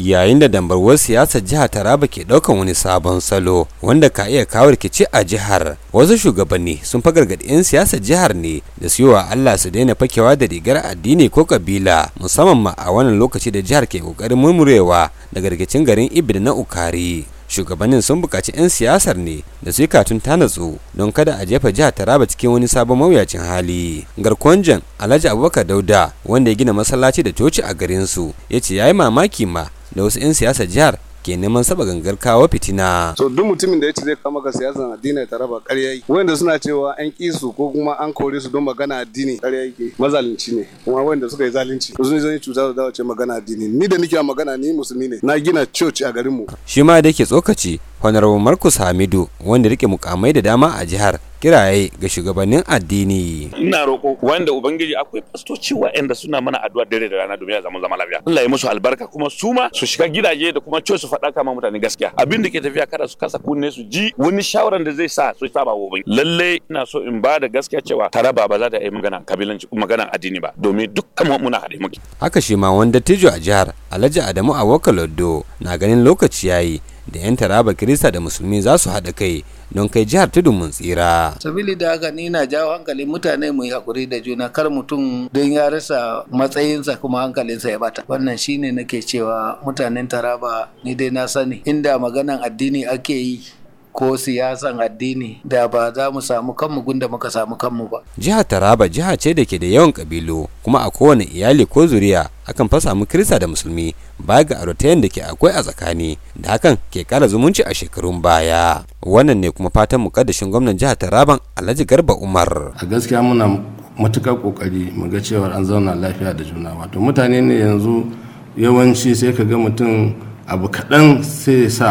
yayin da dambarwar siyasar jihar taraba ke daukan wani sabon salo wanda ka iya kawo rikici a jihar wasu shugabanni sun fa gargaɗi 'yan siyasar jihar ne da su wa allah su daina fakewa da rigar addini ko kabila musamman ma a wannan lokaci da jihar ke kokarin murmurewa daga rikicin garin ibid na ukari shugabannin sun buƙaci 'yan siyasar ne da su yi katun ta natsu don kada a jefa jihar taraba cikin wani sabon mawuyacin hali garkuwan jan alhaji abubakar dauda wanda ya gina masallaci da coci a garinsu ya ce ya yi mamaki ma da wasu 'yan siyasa jihar ke neman saba gangar kawo fitina. So duk mutumin da ya ce zai kama ga siyasan addini ta raba ƙarya yi. Wanda suna cewa an ƙi su ko kuma an kore su don magana addini ƙarya yake mazalunci ne. Kuma wanda suka yi zalunci sun zai cuta da dawace magana addini. Ni da nake magana ni musulmi ne. Na gina coci a garinmu. Shi ma da yake tsokaci honorable marcus hamidu wanda rike mukamai da dama a jihar kiraye ga shugabannin addini ina roƙo wanda ubangiji akwai fastoci wa'anda suna mana addu'a dare da rana domin zaman zama zama lafiya Allah ya musu albarka kuma su ma su shiga gidaje da kuma cewa su faɗa kama mutane gaskiya abin da ke tafiya kada su kasa kunne su ji wani shawaran da zai sa su saba wa ubangiji lalle ina so in ba da gaskiya cewa taraba ba za ta yi magana kabilanci magana addini ba domin dukkan muna haɗe muke haka shi ma wanda tijo a jihar Alhaji Adamu a Loddo na ganin lokaci yayi da 'yan taraba kirista da musulmi za su haɗa kai don kai jihar tudun mun tsira. sabili da haka ni na jawo hankali mutane mu yi hakuri da juna kar mutum don ya rasa matsayinsa kuma hankalinsa ya bata wannan shine nake cewa mutanen taraba ni dai na sani inda maganan addini ake yi ko siyasan addini da ba za mu samu kanmu gunda muka samu kanmu ba. Jihar Taraba jiha ce da ke da yawan kabilu kuma a kowane iyali ko zuriya akan fa samu Kirista da Musulmi ba ga arotayen da ke akwai a tsakani da hakan ke kara zumunci a shekarun baya. Wannan ne kuma fatan mu mukaddashin gwamnan jihar Taraban Alhaji Garba Umar. A gaskiya muna matukar kokari mu ga cewa an zauna lafiya da juna wato mutane ne yanzu yawanci sai ka ga mutum abu kaɗan sai ya sa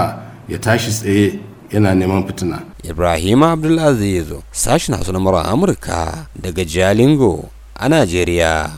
ya tashi tsaye yana neman fitina ibrahim abdulaziz sashen hasu na amurka daga jalingo a najeriya